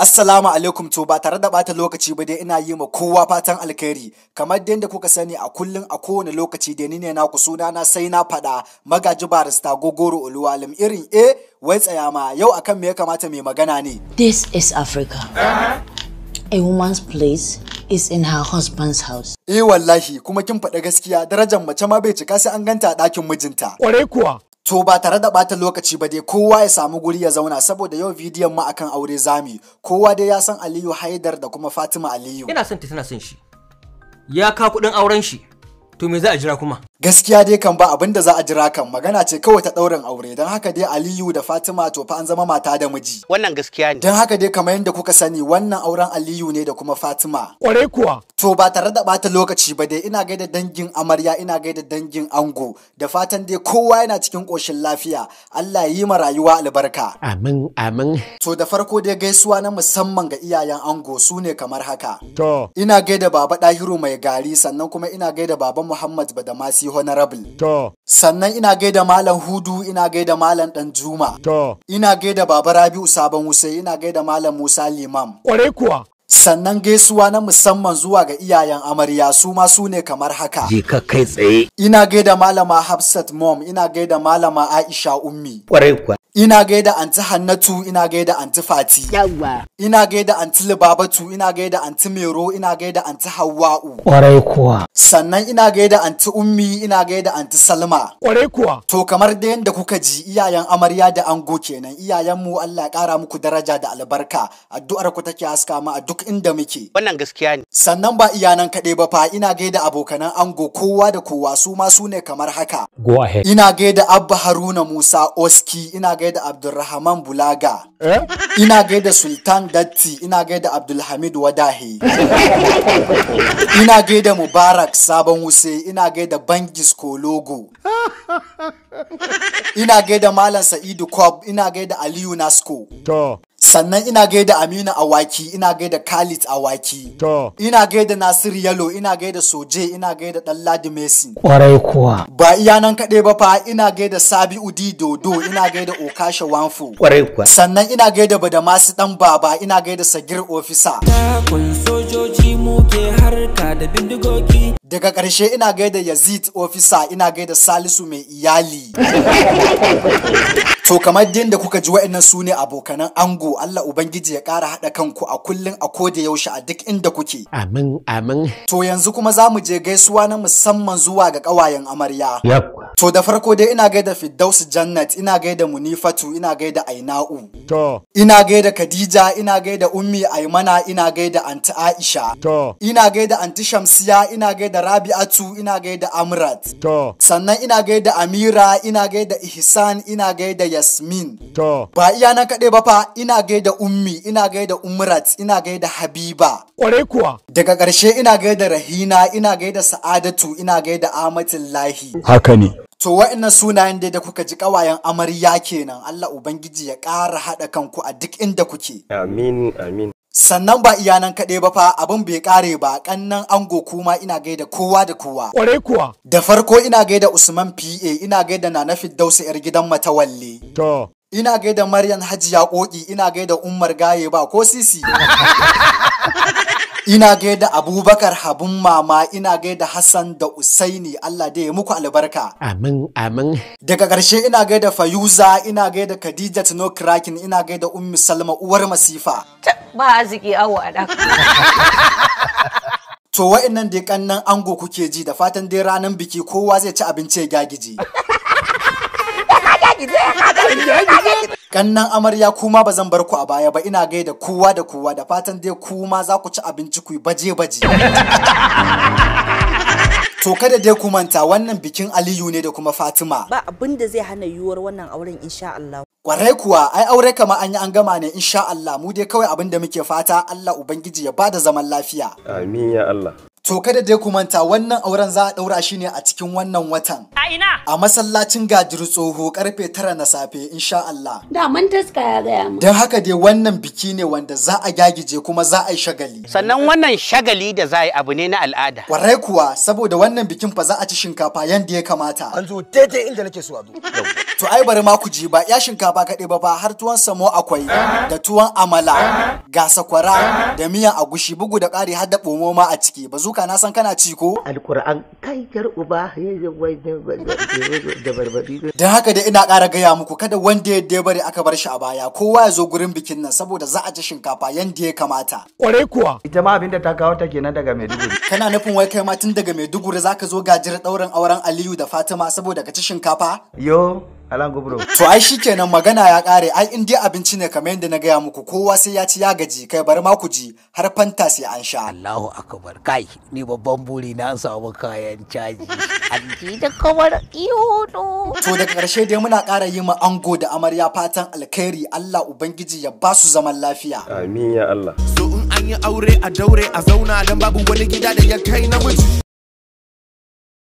Assalamu alaikum to ba tare da bata lokaci ba dai ina yi ma kowa fatan alkhairi kamar da kuka sani a kullun a kowane lokaci da ni ne naku suna na sai na faɗa magaji barista gogoro oluwalim irin A: eh, wai tsaya ma yau akan me ya kamata mai magana ne. This is Africa. A woman's place is in her husband's house. Eh wallahi kuma kin faɗa gaskiya darajar mace ma bai cika sai an ganta a ɗakin mijinta. Ƙwarai kuwa. To ba tare da ɓata lokaci ba dai kowa ya samu guri ya zauna saboda yau bidiyon mu akan aure zami kowa dai ya san Aliyu Haidar da kuma Fatima Aliyu. Ina son ta tana son shi. Ya ka kuɗin auren shi. To me za a jira kuma? gaskiya dai kan ba abin da za a jira kan magana ce kawai ta ɗaurin aure don haka dai aliyu da fatima to fa an zama mata da miji wannan gaskiya ne don haka dai kamar yadda kuka sani wannan auren aliyu ne da kuma fatima kwarai kuwa to ba tare da bata lokaci ba dai ina gaida dangin amarya ina gaida dangin ango da fatan dai kowa yana cikin ƙoshin lafiya allah ya yi ma rayuwa albarka amin amin to da farko dai gaisuwa na musamman ga iyayen ango su ne kamar haka to ina gaida baba ɗahiru mai gari sannan kuma ina gaida baba muhammad badamasi honorable. To. Sannan ina gaida Malam Hudu, ina gaida Malam Danjuma. To. Ina gaida Baba Rabi'u Sabon Wuse, ina gaida Malam Musa Limam. Kware kuwa. sannan gaisuwa na musamman zuwa ga iyayen amarya su ma su ne kamar haka. ka kai tsaye. Ina gaida malama Hafsat Mom, ina gaida malama Aisha Ummi. Kware kuwa. Ina gaida anti Hannatu, ina gaida anti Fati. Yawa. Ina gaida anti Libabatu, ina gaida anti Mero, ina gaida anti Hawwa'u. Kwarai kuwa. Sannan ina gaida anti Ummi, ina gaida anti Salma. Kwarai kuwa. To kamar da yanda kuka ji iyayen amarya da ango kenan, iyayenmu Allah ya kara muku daraja da albarka. Addu'ar ku take haska mu a duk inda muke. Wannan gaskiya ne. Sannan ba iyanan kaɗai ba fa ina gaida abokanan ango kowa da kowa su ma su ne kamar haka. Ina gaida Abba Haruna Musa Oski, ina gaida Abdulrahman Bulaga. Eh? Ina gaida Sultan Datti, ina gaida Abdulhamid Wadahi. Ina gaida Mubarak Sabon Wuse, ina gaida Bangis Kologo. ina gaida Malam Sa'idu Kwab, ina gaida Aliyu Nasko. To. Sannan ina gaida Aminu Awaki, ina gaida Khalid Awaki. To. Ina gaida Nasir Yalo, ina gaida Soje, ina gaida Ɗanladi Messi. Kwarai kuwa. Ba iya nan kaɗai ba fa ina gaida Sabi Udi Dodo, ina gaida Okasha Wanfu. Kwarai kuwa. Sannan ina gaida Badamasi Ɗan Baba, ina gaida Sagir Ofisa. kun sojoji muke harka da bindigogi daga ƙarshe ina gaida yazid ofisa ina gaida salisu mai iyali to kamar din da kuka ji wa'annan su ne abokanan ango allah ubangiji ya ƙara haɗa kanku a kullum a da yaushe a duk inda kuke amin amin to yanzu kuma za mu je gaisuwa na musamman zuwa ga ƙawayen amarya to da farko dai ina gaida firdaus jannat ina gaida munifatu ina gaida aina'u to ina gaida khadija ina gaida ummi aimana ina gaida anti aisha to ina gaida anti shamsiya ina gaida da Rabi'atu ina gaida Amrat. To. Sannan ina gaida Amira, ina gaida Ihsan, ina gaida Yasmin. To. Ba iya nan kaɗai ba fa ina gaida Ummi, ina gaida Umrat, ina gaida Habiba. Kwarai kuwa. Daga ƙarshe ina gaida Rahina, ina gaida Sa'adatu, ina gaida Lahi. Haka ne. To wa'annan sunayen dai da kuka ji ƙawayen amarya kenan Allah Ubangiji ya ƙara haɗa kanku a duk inda kuke. Amin, amin. sannan ba iyanan kaɗai ba fa abin bai ƙare ba ƙannan ango kuma ina gaida kowa da kowa. Ƙwarai kuwa. Da farko ina gaida Usman PA ina gaida Nana Firdausa 'yar gidan Matawalle. To. Ina gaida Maryam Hajiya Ƙoƙi ina gaida Umar Gaye ba ko sisi. ina gaida abubakar habun mama ina gaida hassan da usaini allah da ya muku albarka amin amin daga ƙarshe ina gaida fayuza ina gaida khadija tino krakin ina gaida ummi salma uwar masifa ba arziki awo a ɗan to wa'annan dai kannan ango kuke ji da fatan dai ranar biki kowa zai ci abinci ya gagiji Kannan amarya kuma ba zan bar ku a baya ba ina gaida kowa da kowa da fatan dai kuma za ku ci abinci ku baje-baje. To kada dai ku manta wannan bikin Aliyu ne da kuma Fatima. Ba abin da zai hana yiwuwar wannan auren insha Allah. Kwarai kuwa ai aure kama an yi an gama ne insha Allah mu dai kawai abin da muke fata Allah Ubangiji ya bada zaman lafiya. Amin ya Allah. To kada dai ku manta wannan auren za a ɗaura shi ne a cikin wannan watan. A ina? A masallacin gajiru tsoho karfe tara na safe insha Allah. Da mun taska ya gaya mu. Don haka dai wannan biki ne wanda za a gagije kuma za a yi shagali. Sannan wannan shagali da za a yi abu ne na al'ada. Kwarai kuwa saboda wannan bikin fa za a ci shinkafa yanda ya kamata. An zo daidai inda nake so a zo. To ai bari ma ku ji ba ya shinkafa kaɗai ba ba har tuwon samo akwai da tuwon amala ga sakwara da miyan agushi bugu da ƙari har da ɓomo ma a ciki ba zuka haka na san kana ci ko alquran kai yar uba da barbadi dan haka da ina ƙara gaya muku kada wanda ya bari aka bar shi a baya kowa ya zo gurin bikin nan saboda za a ci shinkafa yanda ya kamata kwarai kuwa ita ma abinda ta kawo ta kenan daga Maiduguri kana nufin wai kai ma tun daga Maiduguri zaka zo gajiyar ɗaurin auren Aliyu da Fatima saboda ka ci shinkafa yo Alan bro. To ai shikenan magana ya kare ai in dai abinci ne kamar yadda na gaya muku kowa sai ya ci ya gaji kai bari ma ku ji har fanta sai an sha. Allahu akbar kai ni babban buri na samu kayan caji. Alji da kamar ihudu. To daga karshe dai muna kara yi ma ango da amarya fatan alkhairi Allah ubangiji ya ba su zaman lafiya. Amin ya Allah. So in an yi aure a daure a zauna dan babu wani gida da ya kai namiji.